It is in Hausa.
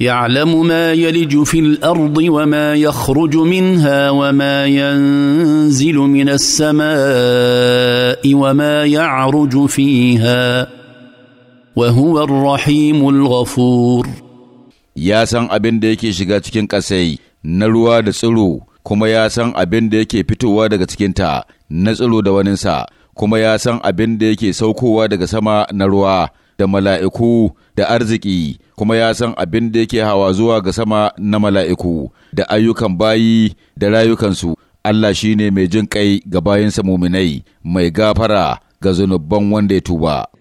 يعلم ما يلج في الارض وما يخرج منها وما ينزل من السماء وما يعرج فيها وهو الرحيم الغفور ya san abin da yake shiga cikin kasai na ruwa da tsiro kuma ya san abin da yake fitowa daga cikinta na tsiro da waninsa kuma ya san abin da yake saukowa daga sama na ruwa da mala'iku da arziki kuma ya san abin da yake hawa zuwa ga sama na mala'iku da ayyukan bayi da rayukansu Allah shi ne mai jin kai ga bayansa muminai mai gafara ga zunuban wanda ya tuba.